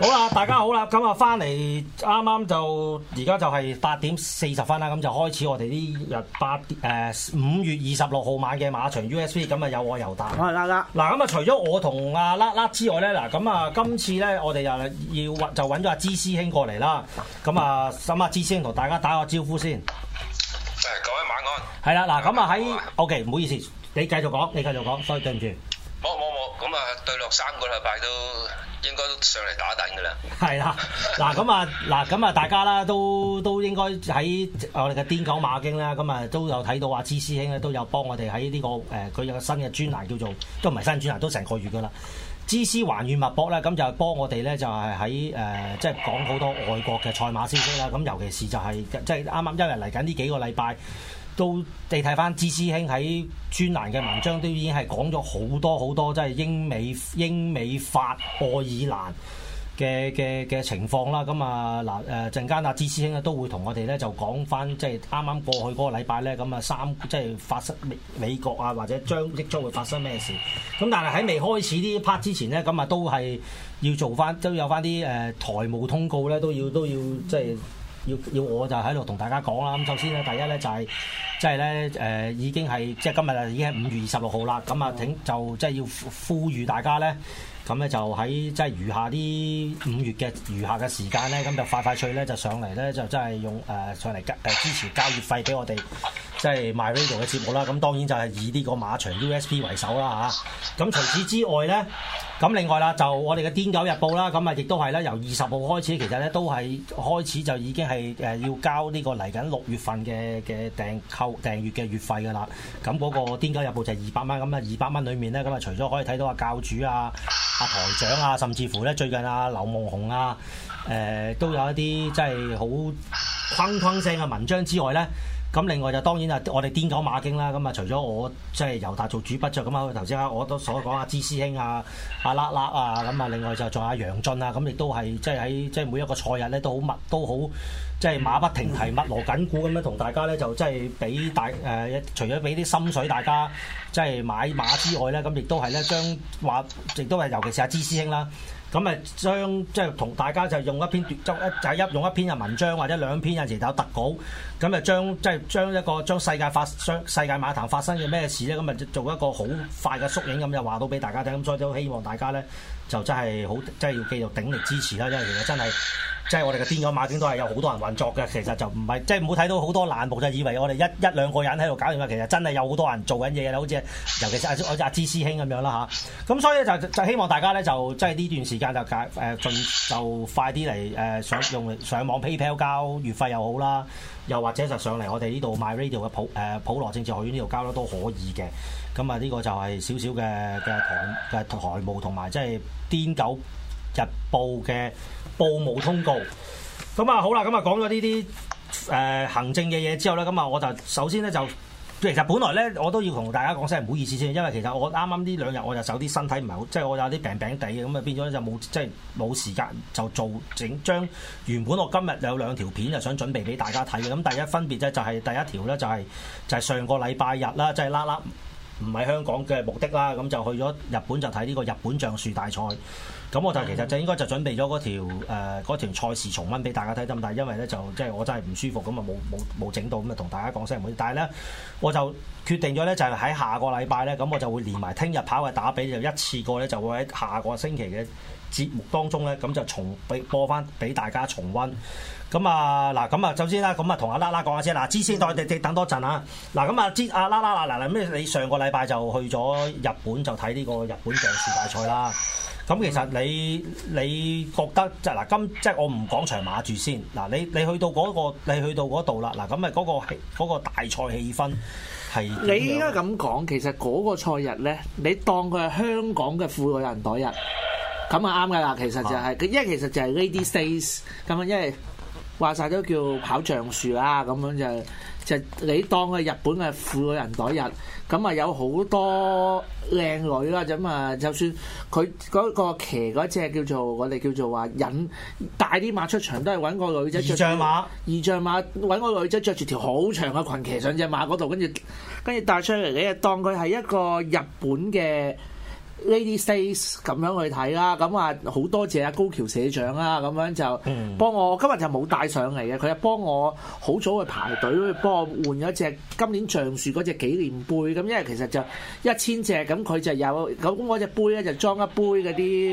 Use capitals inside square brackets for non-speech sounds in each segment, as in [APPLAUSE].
好啦，大家好啦，咁啊翻嚟啱啱就而家就係八點四十分啦，咁就開始我哋呢日八誒五月二十六號晚嘅馬場 U S B，咁啊有我尤達、LakLak，嗱咁啊除咗我同阿 LakLak 之外咧，嗱咁啊今次咧我哋又要就揾咗阿芝師兄過嚟啦，咁啊諗下芝師兄同大家打個招呼先。各位晚安。係啦，嗱咁啊喺 O K，唔好意思，你繼續講，你繼續講，所以對唔住。咁啊，對落三個禮拜都應該都上嚟打頂㗎啦。 [LAUGHS] 係啦，嗱咁啊，嗱咁啊，大家啦都都應該喺我哋嘅癲狗馬經啦，咁啊都有睇到阿芝師兄咧都有幫我哋喺呢個誒，佢、呃、有個新嘅專欄叫做都唔係新專欄，都成個月㗎啦。芝師還願脈搏咧，咁就幫我哋咧就係喺誒，即係講好多外國嘅賽馬消息啦。咁尤其是就係即係啱啱因為嚟緊呢幾個禮拜。都你睇翻資師兄喺專欄嘅文章，都已經係講咗好多好多，即係英美、英美法、愛爾蘭嘅嘅嘅情況啦。咁啊嗱誒，陣間阿資師兄咧都會同我哋咧就講翻，即係啱啱過去嗰個禮拜咧咁啊三，即、就、係、是、發生美國啊或者將即將會發生咩事？咁但係喺未開始啲 part 之前咧，咁啊都係要做翻，都有翻啲誒台務通告咧，都要都要即係。就是要要我就喺度同大家講啦。咁首先咧，第一咧就係即係咧誒，已經係即係今日啊，已經係五月二十六號啦。咁啊，挺就即係要呼籲大家咧，咁咧就喺即係餘下啲五月嘅餘下嘅時間咧，咁就快快脆咧就上嚟咧，就真係用誒上嚟交支持交月費俾我哋。即係 MyRadio 嘅節目啦，咁當然就係以呢個馬場 USB 為首啦嚇。咁、啊、除此之外咧，咁另外啦，就我哋嘅《癲狗日報》啦，咁啊亦都係啦，由二十號開始，其實咧都係開始就已經係誒要交呢個嚟緊六月份嘅嘅訂購訂閱嘅月費噶啦。咁嗰個《癲狗日報》就係二百蚊，咁啊二百蚊裏面咧，咁啊除咗可以睇到阿教主啊、阿、啊、台長啊，甚至乎咧最近啊，劉夢熊啊，誒、呃、都有一啲即係好轟轟聲嘅文章之外咧。咁另外就當然啊，我哋顛講馬經啦。咁啊，除咗我即係尤達做主筆著咁啊，頭先啊，我都所講阿芝師兄啊、阿拉拉啊，咁啊，另外就仲有阿楊俊啊，咁亦都係即係喺即係每一個賽日咧都好密都好即係馬不停蹄密鑼緊鼓咁樣同大家咧就即係俾大誒，除咗俾啲心水大家即係買馬之外咧，咁亦都係咧將話亦都係尤其是阿芝師兄啦。咁誒將即係同大家就用一篇就一就係一用一篇嘅文章或者兩篇有時就有特稿，咁誒將即係將一個將世界發商世界馬壇發生嘅咩事咧，咁誒做一個好快嘅縮影咁就話到俾大家聽，咁所以都希望大家咧。就真係好，真係要繼續鼎力支持啦！因為其實真係，即係我哋嘅癲嗰馬，點都係有好多人運作嘅。其實就唔係，即係唔好睇到好多難幕，就以為我哋一一兩個人喺度搞掂啦。其實真係有好多人做緊嘢嘅，好似尤其是阿我阿 Chief 師兄咁樣啦吓，咁、啊、所以就就希望大家咧，就即係呢段時間就解誒盡就快啲嚟誒上用上網 PayPal 交月費又好啦，又或者就上嚟我哋呢度 MyRadio 嘅普誒、呃、普羅政治學院呢度交都都可以嘅。咁啊，呢個就係少少嘅嘅台嘅台務同埋，即係《癲狗日報》嘅報務通告。咁啊，好啦，咁啊，講咗呢啲誒行政嘅嘢之後咧，咁啊，我就首先咧就其實本來咧，我都要同大家講聲唔好意思先，因為其實我啱啱呢兩日我就受啲身體唔係好，即係我有啲病病地嘅，咁啊變咗就冇即係冇時間就做整將原本我今日有兩條片就想準備俾大家睇嘅。咁第一分別咧就係第一條咧就係就係上個禮拜日啦，即係啦啦。唔係香港嘅目的啦，咁就去咗日本就睇呢個日本橡樹大賽。咁我就其實就應該就準備咗嗰條誒嗰、呃、條賽事重溫俾大家睇。咁但係因為咧就即係我真係唔舒服，咁啊冇冇冇整到，咁啊同大家講聲唔好意思。但係咧我就決定咗咧就係、是、喺下個禮拜咧，咁我就會連埋聽日跑嘅打比，就一次過咧就會喺下個星期嘅。節目當中咧，咁就重俾播翻俾大家重温。咁啊，嗱，咁啊，首先啦，咁啊，同阿拉拉講下先。嗱，芝先，地地等多陣啊。嗱，咁啊，芝阿拉拉，嗱嗱，咩？你上個禮拜就去咗日本就睇呢個日本爵士大賽啦。咁其實你你覺得即係嗱，今即係我唔講長馬住先。嗱，你你去到嗰、嗰個你去到嗰度啦。嗱、嗰個，咁咪嗰個大賽氣氛係你依家咁講，其實嗰個賽日咧，你當佢係香港嘅婦女銀袋日。咁啊啱噶啦，其實就係、是，啊、因為其實就係 Lady Days 咁樣，因為話晒都叫跑橡樹啦，咁樣就就是、你當佢日本嘅富女人、那個、人，咁啊有好多靚女啦，咁啊就算佢嗰個騎嗰隻叫做我哋叫做話引帶啲馬出場，都係揾個女仔。二仗馬。二仗馬揾個女仔着住條好長嘅裙騎上隻馬嗰度，跟住跟住帶出嚟，你啊當佢係一個日本嘅。呢啲 stage 咁樣去睇啦，咁啊好多謝阿高橋社長啦，咁樣就幫我今日就冇帶上嚟嘅，佢又幫我好早去排隊去幫我換咗隻今年橡樹嗰隻紀念杯，咁因為其實就一千隻咁，佢就有咁嗰隻杯咧就裝一杯嗰啲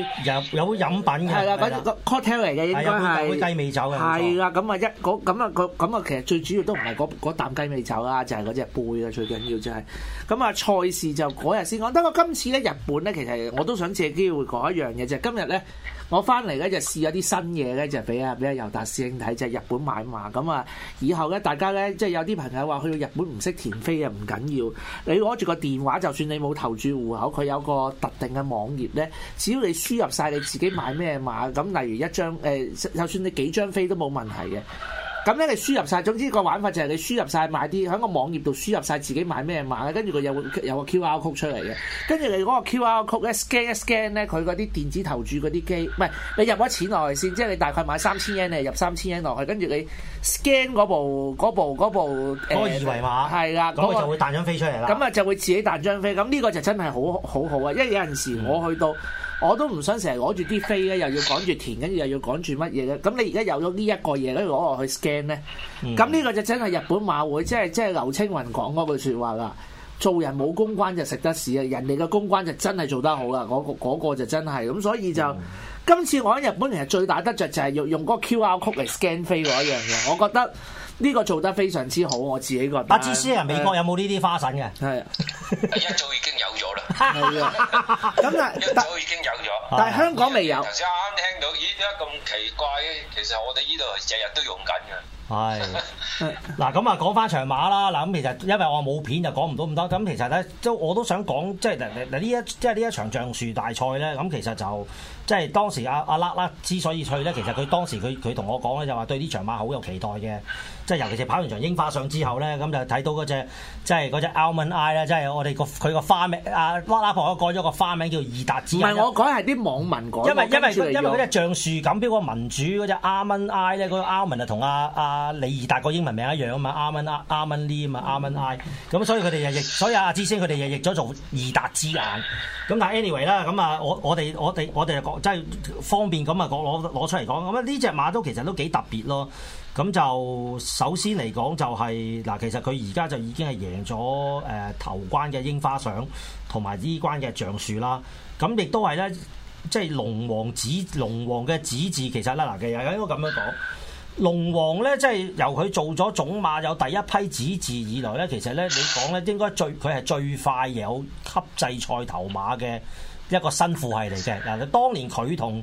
有有飲品嘅，係啦，嗰嗰 cocktail 嚟嘅應該係雞尾酒嘅，係啦，咁啊一嗰咁啊佢咁啊其實最主要都唔係嗰嗰啖雞尾酒啦，就係嗰隻杯啊最緊要就係咁啊賽事就嗰日先講，不過今次咧日本咧。其實我都想借機會講一樣嘢，就係今日咧，我翻嚟咧就試吓啲新嘢咧，就係俾啊俾阿尤達師兄睇，就係、是、日本買馬。咁啊，以後咧大家咧，即係有啲朋友話去到日本唔識填飛啊，唔緊要。你攞住個電話，就算你冇投注戶口，佢有個特定嘅網頁咧，只要你輸入晒你自己買咩馬，咁例如一張誒、呃，就算你幾張飛都冇問題嘅。咁咧你輸入晒。總之個玩法就係你輸入晒，買啲喺個網頁度輸入晒，自己買咩碼嘅，跟住佢又會有個 QR code 出嚟嘅，跟住你嗰個 QR code 咧 scan 一 scan 咧，佢嗰啲電子投注嗰啲機，唔係你入咗錢落去先，即係你大概買三千円你入三千円落去，跟住你 scan 嗰部嗰部嗰部誒，嗰個二維碼，係、呃、啦，嗰個就會彈張飛出嚟啦，咁啊就會自己彈張飛，咁呢個就真係好，好好好啊，因為有陣時我去到。嗯。我都唔想成日攞住啲飛咧，又要趕住填，跟住又要趕住乜嘢咧。咁你而家有咗呢一個嘢，跟住攞落去 scan 咧，咁呢個就真係日本馬會，即係即係劉青雲講嗰句説話啦。做人冇公關就食得屎啊！人哋嘅公關就真係做得好噶，嗰嗰、嗰個就真係咁，所以就、嗯、今次我喺日本其實最大得着就係用用嗰個 QR code 嚟 scan 飛嗰一樣嘢，我覺得。呢個做得非常之好，我自己覺得。阿特斯拉美國有冇呢啲花粉嘅？係一早已經有咗啦。咁啊，一早已經有咗，但係香港未有。頭先啱啱聽到，咦？點解咁奇怪嘅？其實我哋呢度係日日都用緊嘅。係，嗱咁啊，講翻長馬啦，嗱咁其實因為我冇片就講唔到咁多，咁其實咧都我都想講，即係嗱呢一即係呢一場橡樹大賽咧，咁其實就即係當時阿阿啦啦之所以去咧，其實佢當時佢佢同我講咧，就話對呢場馬好有期待嘅，即係尤其是跑完場櫻花賞之後咧，咁就睇到嗰隻即係嗰隻阿蚊 I 啦，即係我哋、那個佢個花名，啊，啦啦婆改咗個花名叫易達之。唔係我改係啲網民改為，因為因為因為嗰隻橡樹錦標嗰個民主嗰隻阿蚊 I 咧，嗰個阿蚊就同阿阿。啊，李二達個英文名一樣阿阿阿阿曼阿曼阿曼啊嘛，Almond Al Almond Lee 啊嘛，Almond Eye，咁所以佢哋就譯，所以阿、啊、志星佢哋就譯咗做二達之眼。咁但係 anyway 啦，咁啊，我我哋我哋我哋就講即係方便咁啊，攞攞出嚟講。咁啊，呢隻馬都其實都幾特別咯。咁就首先嚟講就係、是、嗱，其實佢而家就已經係贏咗誒頭關嘅櫻花賞同埋呢關嘅橡樹啦。咁亦都係咧，即、就、係、是、龍王子龍王嘅子字其實咧嗱，其實應該咁樣講。龍王咧，即係由佢做咗種馬有第一批子嗣以來咧，其實咧，你講咧，應該最佢係最快有級制賽頭馬嘅一個新父系嚟嘅。嗱，你當年佢同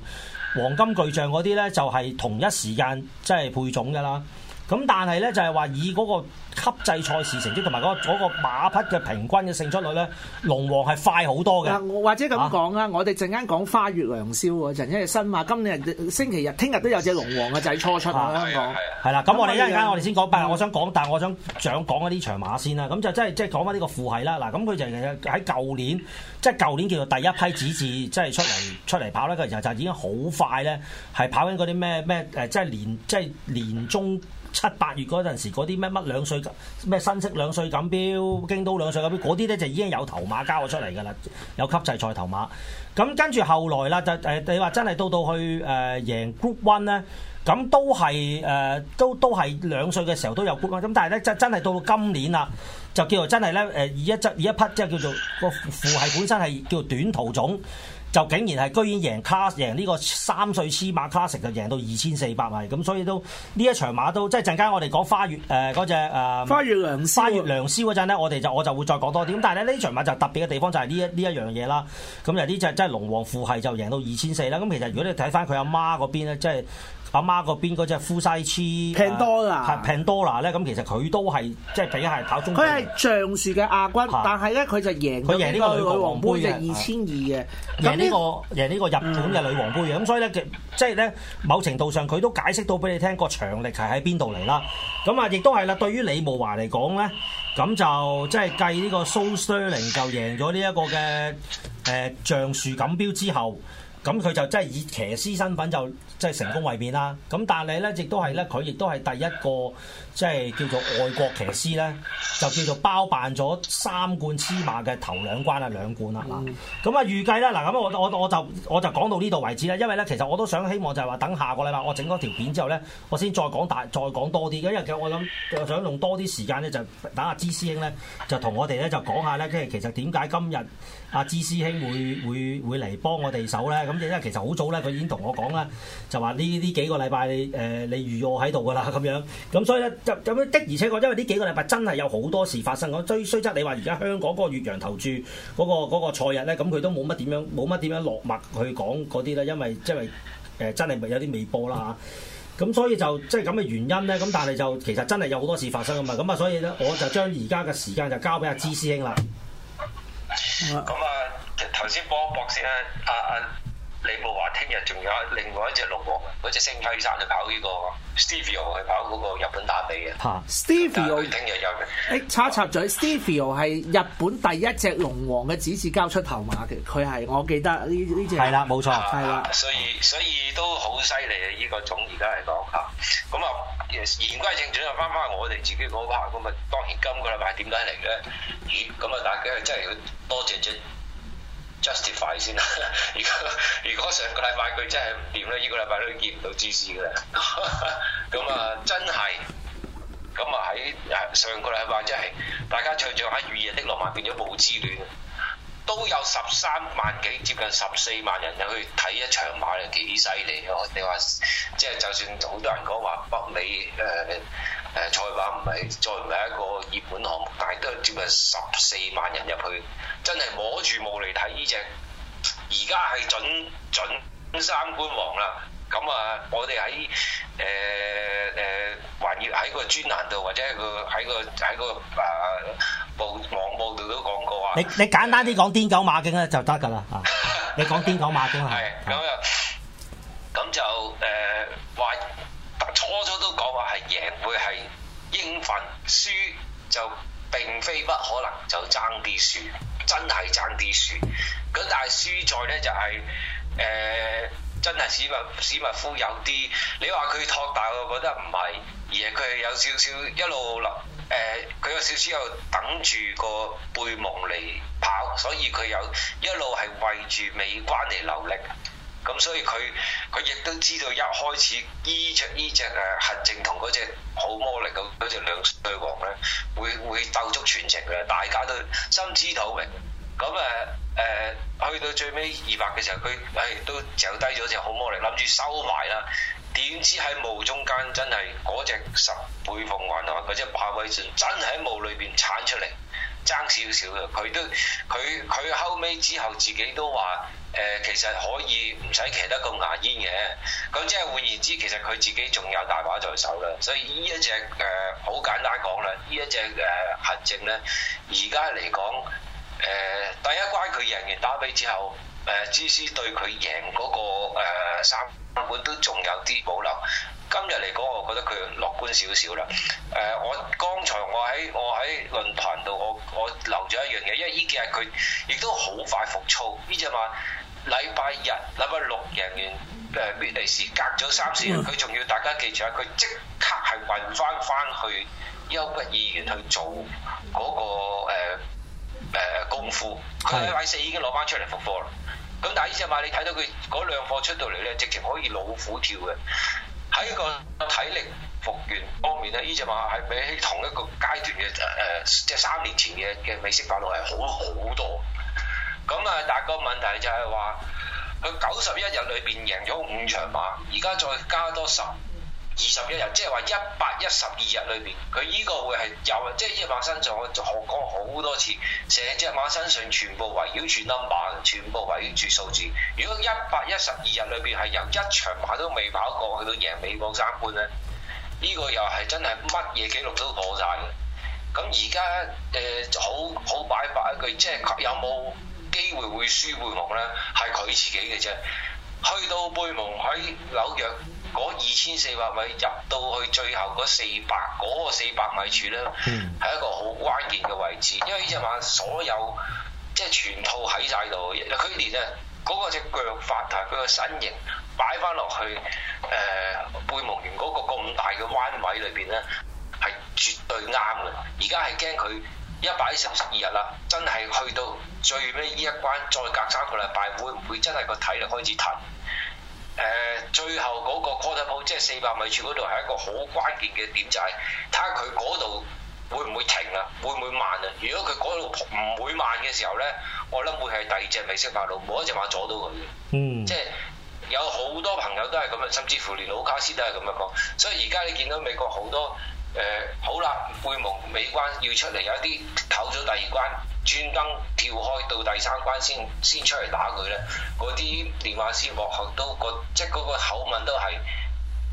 黃金巨匠嗰啲咧就係、是、同一時間即係、就是、配種㗎啦。咁但係咧就係、是、話以嗰個級制賽事成績同埋嗰嗰個馬匹嘅平均嘅勝出率咧，龍王係快好多嘅。或者咁講啦，啊、我哋陣間講花月良宵嗰陣，因為新馬今日星期日聽日都有隻龍王嘅仔初出啊，香港、嗯就是就是、係啦。咁我哋一陣間我哋先講畢，我想講，但係我想想講一啲長馬先啦。咁就真係即係講翻呢個父系啦。嗱，咁佢就喺舊年，即係舊年，年叫做第一批子嗣、就是，即係出嚟出嚟跑咧，佢其實就已經好快咧，係跑緊嗰啲咩咩誒，即係年即係年中。七八月嗰陣時，嗰啲咩乜兩歲咩新潟兩歲錦標、京都兩歲錦標嗰啲咧就已經有頭馬交咗出嚟㗎啦，有級制賽頭馬。咁跟住後來啦，就誒你話真係到到去誒、呃、贏 Group One 咧，咁、呃、都係誒都都係兩歲嘅時候都有 Group One。咁但係咧真真係到到今年啦，就叫做真係咧誒以一執以一匹即係叫做個父系本身係叫做短途種。就竟然係居然贏 class，贏呢個三歲黐馬 class，就贏到二千四百米，咁所以都呢一場馬都即係陣間我哋講花月誒嗰隻誒花月良花月良宵嗰陣咧，我哋就我就會再講多啲。咁但係咧呢場馬就特別嘅地方就係呢一呢一樣嘢啦。咁就呢隻即即係龍王父係就贏到二千四啦。咁其實如果你睇翻佢阿媽嗰邊咧，即係阿媽嗰邊嗰隻富西斯，Pandora，Pandora 咧，咁其實佢都係即係比係跑中，佢係橡樹嘅亞軍，是但係咧佢就贏，佢贏呢個女王杯嘅二千二嘅，贏呢、這個你贏呢個日本嘅女王杯嘅，咁、嗯、所以咧即係咧某程度上佢都解釋到俾你聽個長力係喺邊度嚟啦。咁啊，亦都係啦，對於李慕華嚟講咧，咁就即係計呢個蘇斯靈就贏咗呢一個嘅誒橡樹錦標之後，咁佢就即係以騎師身份就。即係成功衛冕啦，咁但係咧，亦都係咧，佢亦都係第一個即係叫做愛國騎師咧，就叫做包辦咗三冠之馬嘅頭兩關啊，兩冠啦，咁啊預計啦，嗱，咁我我我就我就講到呢度為止啦，因為咧，其實我都想希望就係話等下個禮拜我整多條片之後咧，我先再講大，再講多啲，因為其實我諗我想用多啲時間咧，就等阿芝師兄咧，就同我哋咧就講下咧，即係其實點解今日阿芝師兄會會會嚟幫我哋手咧？咁就因為其實好早咧，佢已經同我講啦。就話呢呢幾個禮拜誒、呃，你預我喺度㗎啦咁樣，咁所以咧就咁樣的，而且確，因為呢幾個禮拜真係有好多事發生。我追雖則你話而家香港嗰個越洋投注嗰、嗰個嗰、嗰個嗰個、賽日咧，咁佢都冇乜點樣，冇乜點樣落墨去講嗰啲咧，因為因為誒真係咪有啲未播啦嚇，咁、啊、所以就即係咁嘅原因咧，咁但係就其實真係有好多事發生啊嘛，咁啊所以咧，我就將而家嘅時間就交俾阿芝師兄啦。咁啊、嗯，頭先波博士咧，阿阿、嗯。你冇話聽日仲有另外一隻龍王，嗰隻星輝山去跑呢、個 Stevio 去跑嗰個日本打比嘅。哈，Stevio 聽日有嘅。哎、啊，嗯、插插嘴，Stevio 係日本第一隻龍王嘅子嗣交出頭馬嘅，佢係我記得呢呢、嗯、隻。係啦、嗯，冇、啊、錯。係啦、啊啊，所以所以都好犀利啊！呢個種而家嚟講，哈，咁啊言歸正傳，翻翻我哋自己嗰 part 咁啊當然今個禮拜點解嚟咧？咁啊大家真係要多謝 Justify 先啦，如果如果上個禮拜佢真係唔掂咧，依個禮拜都見唔到芝士嘅啦。咁啊，真係，咁啊喺誒上個禮拜真、就、係、是、大家唱唱下雨夜的浪漫變咗冇之戀，都有十三萬幾，接近十四萬人入去睇一場馬啊，幾犀利哦！你話即係就算好多人講話北美誒誒、呃呃、賽馬唔係再唔係一個熱門項目，但係都係接近十四萬人入去。真係摸住毛嚟睇呢隻，而家係準準三冠王啦。咁啊，我哋喺誒誒，還要喺個專欄度，或者係、那個喺、那個喺個啊報網報度都講過啊。你你簡單啲講癲狗馬經咧就得㗎啦。 [LAUGHS] 你講癲狗馬經係咁又咁就誒話、呃，初初都講話係贏會係應份輸，輸就。並非不可能就爭啲輸，真係爭啲輸。咁但係輸在咧就係、是，誒、呃、真係史密史密夫有啲，你話佢托大我覺得唔係，而係佢係有少少一路留，誒、呃、佢有少少又等住個背夢嚟跑，所以佢有一路係為住尾關嚟留力。咁所以佢佢亦都知道一開始依隻依隻誒核證同嗰隻好魔力嗰嗰隻兩對王咧，會會鬥足全程嘅，大家都心知肚明。咁誒誒，去到最尾二百嘅時候，佢誒都掟低咗隻好魔力，諗住收埋啦。點知喺霧中間真係嗰隻十背鳳還來，嗰隻霸鬼船真係喺霧裏邊鏟出嚟。爭少少嘅，佢都佢佢後尾之後自己都話，誒、呃、其實可以唔使騎得咁牙煙嘅。咁即係換言之，其實佢自己仲有大把在手啦。所以呢一隻誒好、呃、簡單講啦，呢一隻誒恆證咧，而家嚟講誒第一關佢贏完打比之後，誒芝士對佢贏嗰、那個。誒、呃、三本都仲有啲保留，今日嚟講，我覺得佢樂觀少少啦。誒、呃，我剛才我喺我喺論壇度，我我，我留咗一樣嘢，因為呢幾日佢亦都好快復操。呢隻馬禮拜日、禮拜六贏完誒必利是，隔咗三線，佢仲、嗯、要大家記住啊！佢即刻係運翻翻去休畢議員去做嗰、那個誒誒、呃呃、功夫。佢禮拜四已經攞翻出嚟復波啦。嗯嗯咁但係呢隻馬你睇到佢嗰兩課出到嚟咧，直情可以老虎跳嘅。喺個體力復原方面咧，呢隻馬係比起同一個階段嘅誒、呃，即係三年前嘅嘅美國法老係好好多。咁啊，但係個問題就係話，佢九十一日裏邊贏咗五場馬，而家再加多十二十一日，即係話一百一十二日裏邊，佢呢個會係又即係一馬身上，我就講好多次，成隻馬身上全部圍繞住 number，全部圍繞住數字。如果一百一十二日裏邊係由一場馬都未跑過去到贏美國三冠咧，呢、呢個又係真係乜嘢記錄都破晒嘅。咁而家誒好好擺擺一句，即係有冇機會會輸貝蒙咧？係佢自己嘅啫。去到貝蒙喺紐約。嗰二千四百米入到去最後嗰四百嗰個四百米處咧，係、嗯、一個好關鍵嘅位置，因為呢隻馬所有即係全套喺晒度，佢連啊嗰、嗰個隻腳發達，佢個身形擺翻落去誒貝蒙園嗰個咁大嘅彎位裏邊咧，係絕對啱嘅。而家係驚佢一擺成十二日啦，真係去到最尾呢一關再隔三個禮拜，會唔會真係個體力開始褪？誒、呃、最後嗰個 quarter pole 即係四百米處嗰度，係一個好關鍵嘅點，就係睇下佢嗰度會唔會停啊，會唔會慢啊？如果佢嗰度唔會慢嘅時候咧，我諗會係第二隻美國法老，冇一隻馬阻到佢。嗯，即係有好多朋友都係咁啊，甚至乎連老卡斯都係咁樣講。所以而家你見到美國好多誒，好、呃、啦，貝蒙美關要出嚟，有一啲抖咗第二關。專登跳開到第三關，先先出嚟打佢咧，嗰啲電話師，學學都個，即嗰個口吻都係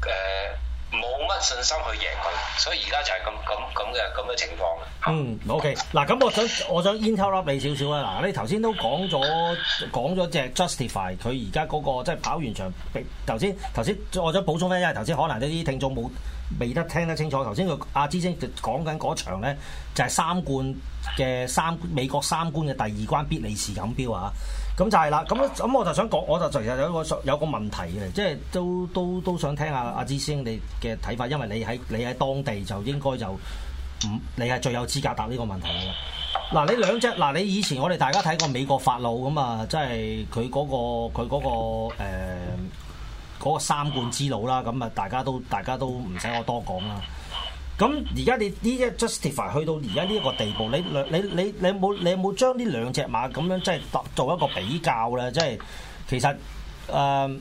誒。呃冇乜信心去贏佢，所以而家就係咁咁咁嘅咁嘅情況啊。嗯，O K 嗱，咁、okay，我想我想 interrupt 你少少啊。嗱，你頭先都講咗講咗隻 justify 佢而家嗰、那個即係、就是、跑完場。頭先頭先我想補充咧，因為頭先可能呢啲聽眾冇未得聽得清楚。頭先佢阿之星講緊嗰場咧就係、是、三冠嘅三美國三冠嘅第二關必利是錦標啊。咁就係啦，咁咁我就想講，我就其實有個有個問題嘅，即係都都都想聽下阿阿芝師兄你嘅睇法，因為你喺你喺當地就應該就唔你係最有資格答呢個問題嘅。嗱，你兩隻嗱，你以前我哋大家睇過美國法老咁啊，即係佢嗰個佢嗰個誒嗰個三冠之路啦，咁啊大家都大家都唔使我多講啦。咁而家你呢一 justify 去到而家呢一個地步，你，你，你，你，有有你有有兩你你你冇你冇將呢兩隻馬咁樣即係做一個比較咧，即係其實誒呢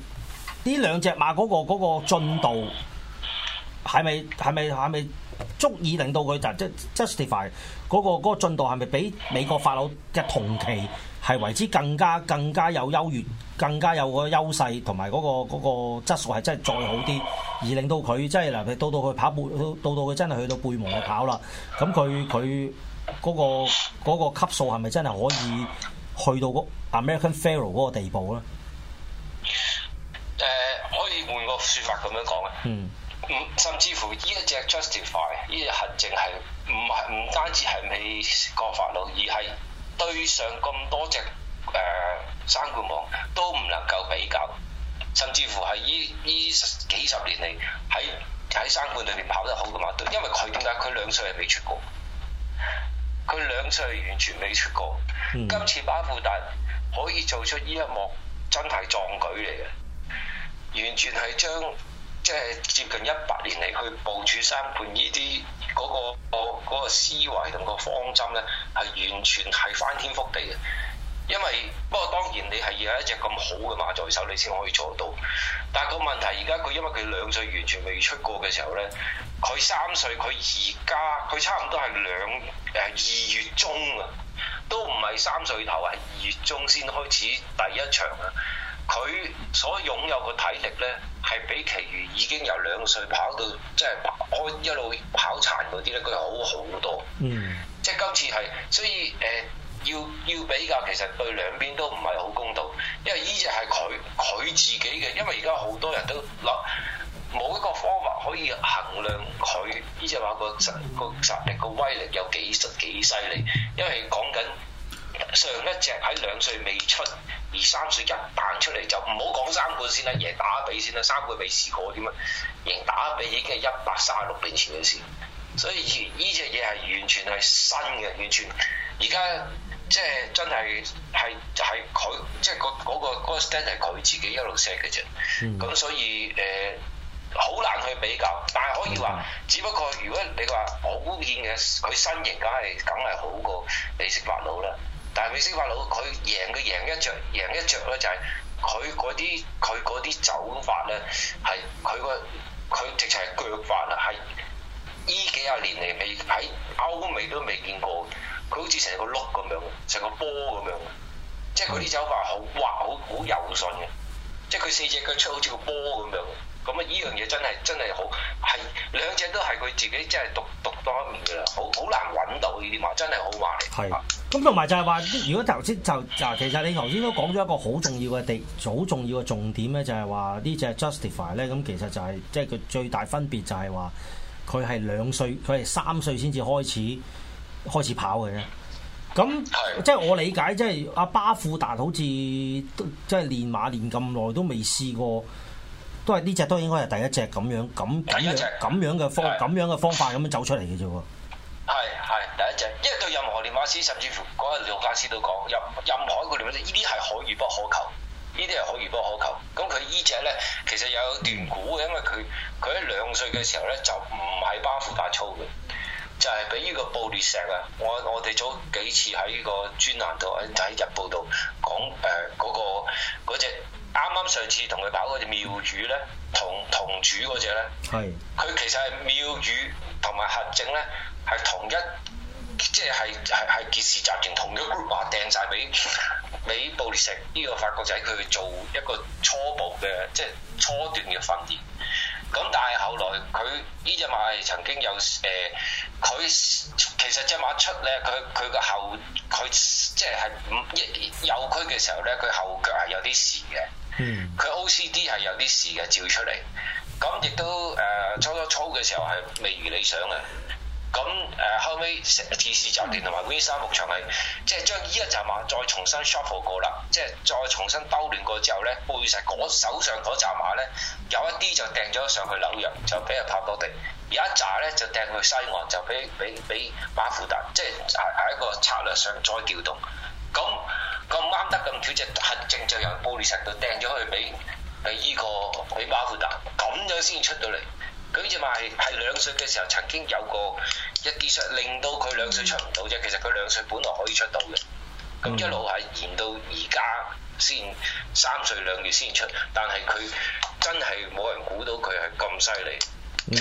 兩隻馬嗰個嗰個進度係咪係咪係咪？是足以令到佢就即 Justify 嗰、那個嗰、那個、進度係咪比美國法老嘅同期係為之更加更加有優越、更加有個優勢同埋嗰個嗰、那個、質素係真係再好啲，而令到佢即係嗱，如到到佢跑步，到到佢真係去到貝蒙去跑啦，咁佢佢嗰個嗰、那個級數係咪真係可以去到 American Pharoah 嗰個地步咧？誒、呃，可以換個說法咁樣講啊！嗯。甚至乎呢一隻 justify 呢，只行正係唔係唔單止係美國法老，而係對上咁多隻誒三冠王都唔能夠比較。甚至乎係依依幾十年嚟喺喺三冠裏邊跑得好嘅馬，因為佢點解？佢兩歲係未出過，佢兩歲完全未出過。嗯、今次巴富達可以做出呢一幕，真係壯舉嚟嘅，完全係將。即係接近一百年嚟，去部署三判呢啲嗰個思維同個方針咧，係完全係翻天覆地嘅。因為不過當然你係要有一隻咁好嘅馬在手，你先可以做到。但個問題而家佢因為佢兩歲完全未出過嘅時候咧，佢三歲佢而家佢差唔多係兩誒二月中啊，都唔係三歲頭係二月中先開始第一場啊。佢所擁有個體力咧，係比其餘已經由兩歲跑到即係開一路跑殘嗰啲咧，佢好好多。嗯，即係今次係，所以誒、呃、要要比較，其實對兩邊都唔係好公道，因為呢只係佢佢自己嘅，因為而家好多人都嗱冇一個方法可以衡量佢呢隻話個實個實力個威力有幾犀幾犀利，因為講緊上一隻喺兩歲未出。而三歲一彈出嚟就唔好講三冠先啦，贏打比先啦，三冠未試過點啊？贏打比已經係一百三十六年前嘅事，所以呢隻嘢係完全係新嘅，完全而家即係真係係就係、是、佢即係嗰嗰個、那個 stand 係佢自己一路 set 嘅啫，咁、嗯、所以誒好、呃、難去比較，但係可以話，嗯、只不過如果你話好險嘅，佢身形梗係梗係好過你氏發佬啦。但係，美式法佬佢贏嘅贏一着，贏一着咧就係佢嗰啲佢啲走法咧，係佢個佢直情係腳法啦，係依幾廿年嚟未喺歐美都未見過，佢好似成個碌咁樣，成個波咁樣，即係佢啲走法好滑，好好柔順嘅，即係佢四隻腳出好似個波咁樣。咁啊，依樣嘢真係真係好係兩隻都係佢自己真係獨獨當一面㗎啦，好好難揾到呢啲嘛，真係好滑嚟。係。咁同埋就係話，如果頭先就，嗱，其實你頭先都講咗一個好重要嘅地，好重要嘅重點咧，就係話呢隻 Justify 咧，咁其實就係即係佢最大分別就係話，佢係兩歲，佢係三歲先至開始開始跑嘅啫。咁即係我理解，即係阿巴富達好似都即係練馬練咁耐都未試過，都係呢隻都應該係第一隻咁樣咁咁樣咁樣嘅方咁樣嘅方法咁樣走出嚟嘅啫喎。係，第一隻，因為對任何練馬師，甚至乎嗰個練馬師都講，任任何一個練馬師，呢啲係可遇不可求，呢啲係可遇不可求。咁佢呢隻咧，其實有段古，嘅，因為佢佢喺兩歲嘅時候咧，就唔係巴福大操嘅，就係俾呢個暴裂石啊！我我哋早幾次喺呢個專欄度喺、就喺、日報度講誒嗰、呃嗰個嗰隻啱啱上次同佢跑嗰隻妙宇咧，同同主嗰隻咧，係佢是其實係妙宇同埋核證咧。係同一，即係係係傑士集團同一 group 話掟曬俾俾布列石呢、呢個法國仔，佢做一個初步嘅即係初段嘅訓練。咁但係後來佢呢隻馬係曾經有誒，佢、呃、其實隻馬出咧，佢佢個後佢即係係唔一右區嘅時候咧，佢後腳係有啲事嘅。嗯，佢 O C D 係有啲事嘅，照出嚟咁亦都誒、呃、初初初嘅時候係未如理想嘅。咁誒、嗯、後尾，食市集團同埋 v i 牧場係，即係將呢一紮馬再重新 shuffle 過啦，即係再重新兜亂過之後咧，布利實嗰手上嗰紮馬咧，有一啲就掟咗上去紐約，就俾人拍落地；有一紮咧就掟去西岸，就俾俾俾巴富達，即係喺一個策略上再調動。咁咁啱得咁巧，就核證就由布利實度掟咗去俾係依個俾巴富達，咁樣先出到嚟。佢只咪係兩歲嘅時候曾經有過一啲嘢，令到佢兩歲出唔到啫。其實佢兩歲本來可以出，嗯、現到嘅，咁一路係延到而家先三歲兩月先出。但係佢真係冇人估到佢係咁犀利。嗯，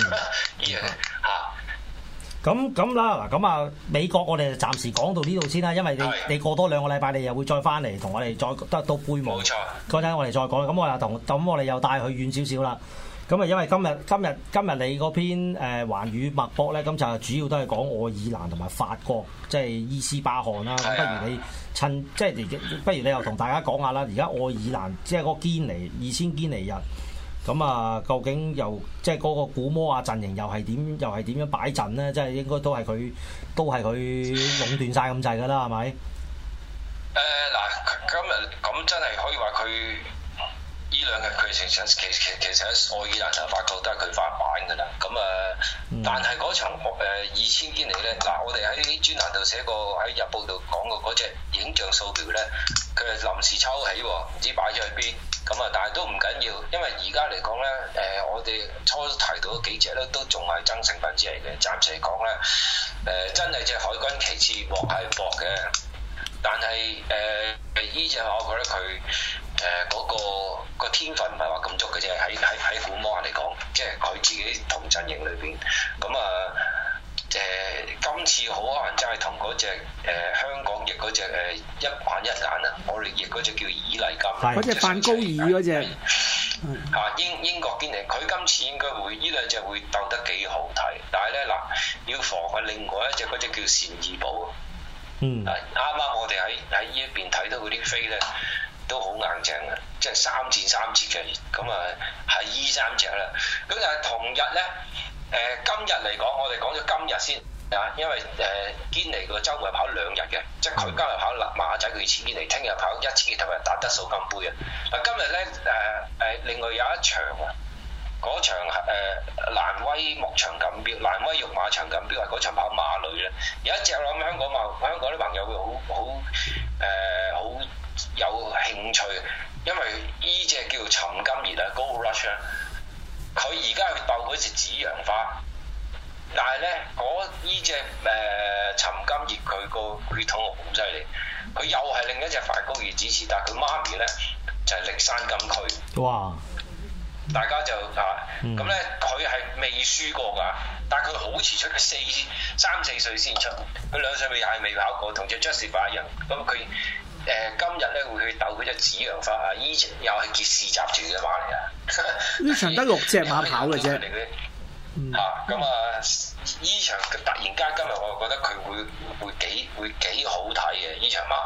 咁咁啦，嗱，咁啊，美國我哋就暫時講到呢度先啦。因為你的你過多兩個禮拜，你又會再翻嚟同我哋再得到杯。冇錯，嗰陣我哋再講。咁我又同咁我哋又帶佢遠少少啦。咁啊，因為今日今日今日你嗰篇誒環宇脈搏咧，咁就主要都係講愛爾蘭同埋法國，即係伊斯巴汗啦。啊、不如你趁即係，不如你又同大家講下啦。而家愛爾蘭即係個堅尼二千堅尼人，咁啊，究竟又即係嗰個古摩亞陣營又係點？又係點樣擺陣咧？即係應該都係佢都係佢壟斷晒咁滯㗎啦，係咪？誒嗱、呃，今日咁真係可以話佢。呢兩日，佢其實其實其實喺愛爾蘭就發覺都係佢翻版嘅啦，咁、嗯、啊，但係嗰層二千堅尼咧，嗱、呃呃、我哋喺專欄度寫過，喺日報度講過嗰隻影像數據咧，佢係臨時抽起喎，唔知擺咗喺邊，咁、嗯、啊，但係都唔緊要緊，因為而家嚟講咧，誒、呃、我哋初提到幾隻咧都仲係增成分子嚟嘅，暫時嚟講咧，誒、呃、真係隻海軍旗幟薄係薄嘅，但係誒依隻話我覺得佢。誒嗰、呃那個那個天分唔係話咁足嘅啫，喺喺喺古摩人嚟講，即係佢自己同陣營裏邊，咁啊誒今次好可能真係同嗰隻誒香港翼嗰隻誒一板一眼啊！我哋翼嗰隻叫以麗金，嗰隻半高爾嗰隻，嚇英英國堅尼，佢今次應該會呢兩隻會鬥得幾好睇，但係咧嗱，要防佢另外一隻嗰隻叫善意寶嗯，啊啱啱我哋喺喺呢一邊睇到佢啲飛咧。都好硬淨嘅，即係三戰三捷嘅，咁啊係依三隻啦。咁但係同日咧，誒、呃、今日嚟講，我哋講咗今日先，嚇，因為誒、呃、堅尼個周末跑兩日嘅，即係佢今日跑馬仔，佢要堅尼，聽日跑一次，同嘅達德數金杯。啊！今日咧誒誒，另外有一場啊，嗰場係誒、呃、蘭威牧場錦標，蘭威玉馬場錦標係嗰場跑馬女咧，有一隻我諗香港嘛，香港啲朋友會好好誒好。有興趣，因為呢隻叫尋金熱啊 Go Rush 啊，佢而家去鬥嗰隻紫陽花，但係咧嗰依隻誒尋金熱佢個血統好犀利，佢又係另一隻快高兒子持，但係佢媽咪咧就係、是、力山金區哇。大家就啊咁咧，佢係、嗯、未輸過㗎，但係佢好遲出，出，四三四歲先出，佢兩歲未係未跑過，同隻 Justify 一樣咁佢。誒今日咧會去鬥嗰隻紫陽花 [LAUGHS] 底、嗯、啊！依場又係傑士集團嘅馬嚟啊！依場得六隻馬跑嘅啫，嚟嘅嚇咁啊！依場突然間今日我係覺得佢會會,會幾會幾好睇嘅依場馬。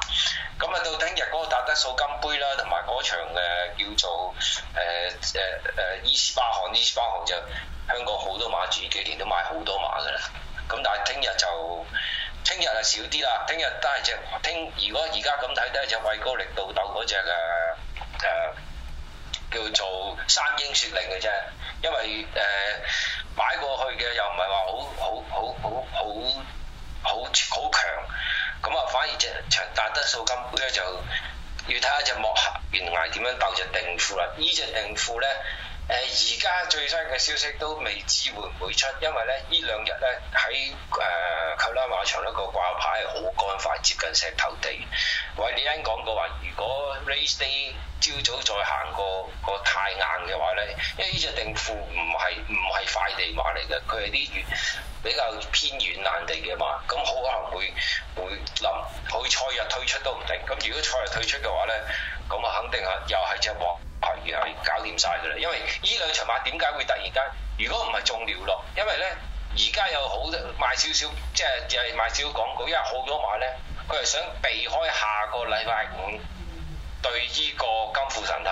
咁啊到聽日嗰個達德素金杯啦，同埋嗰場誒叫做誒誒誒伊斯巴汗。伊斯巴汗就係、香港好多馬住，依幾年都買好多馬嘅啦。咁但係聽日就～少啲啦，聽日都係只聽，如果而家咁睇都係隻威哥力鬥鬥嗰隻嘅誒叫做山精雪靈嘅啫，因為誒、呃、買過去嘅又唔係話好好好好好好強，咁啊反而隻長達得數金杯咧就要睇下隻莫霞原來點樣鬥隻定富啦，隻呢隻定富咧。誒而家最新嘅消息都未知會唔會出，因為咧呢兩日咧喺誒克拉馬場一個掛牌好乾快接近石頭地。韋利恩講過話，如果 race day 朝早再行過，那個太硬嘅話咧，因為呢隻定庫唔係唔係快地馬嚟嘅，佢係啲比較偏遠爛地嘅馬，咁好可能會會諗去賽日退出都唔定。咁如果賽日退出嘅話咧，咁啊肯定係又係隻鑊。啊！而家搞掂晒噶啦，因為依兩場馬點解會突然間？如果唔係中了落，因為咧而家有好賣少少，即係又賣少少廣告，因為好多馬咧，佢係想避開下個禮拜五對依個金富神頭。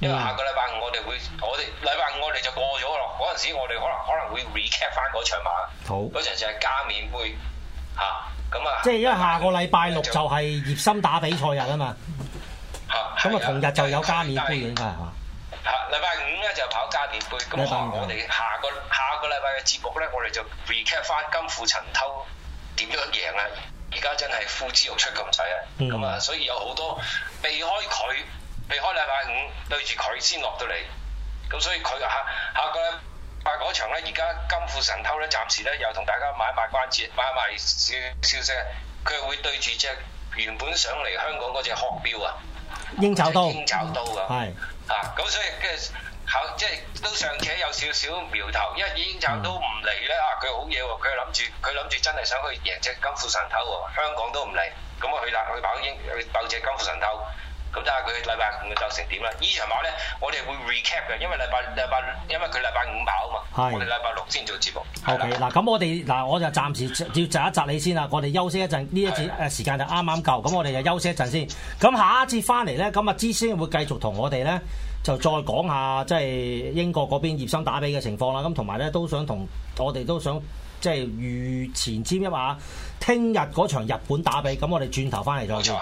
因為下個禮拜五我哋會，我哋禮拜五我哋就過咗啦。嗰陣時我哋可能可能會 recap 翻嗰場馬。好，嗰陣就係加冕杯嚇。咁啊，啊即係因為下個禮拜六就係葉森打比賽日啊嘛。咁啊！逢日就有加面杯，係嘛的？嚇、嗯！禮拜五咧就跑加面杯。咁我我哋下個下個禮拜嘅節目咧，我哋就 recap 翻金富神偷點樣贏啊！而家真係付之欲出咁滯啊！咁啊、嗯，所以有好多避開佢，避開禮拜五對住佢先落到嚟。咁所以佢下下個禮拜嗰場咧，而家金富神偷咧，暫時咧又同大家買賣關節買賣消消息啊！佢會對住隻原本想嚟香港嗰隻殼標啊！鷹爪刀，鷹爪 [NOISE] 刀噶，係是，吓、啊，咁所以跟住考，即係都尚且有少少苗頭，因為已經找到，唔嚟咧，啊，佢好嘢喎、哦，佢諗住，佢諗住真係想去贏隻金庫神偷喎、哦，香港都唔嚟，咁我去啦，去跑鷹，去爆隻金庫神偷。咁睇下佢禮拜五嘅鬥成點啦！依場馬咧，我哋會 recap 嘅，因為禮拜禮拜因為佢禮拜五跑啊嘛，是我哋禮拜六先做節目。O K，嗱咁我哋嗱我就暫時要窒一窒你先啦，我哋休息一陣，呢一節誒時間就啱啱夠，咁的我哋就休息一陣先。咁下一節翻嚟咧，咁啊，之先會繼續同我哋咧就再講下即係、就是、英國嗰邊葉森打比嘅情況啦。咁同埋咧都想同我哋都想即係、就是、預前瞻一下聽日嗰場日本打比，咁我哋轉頭翻嚟再傾。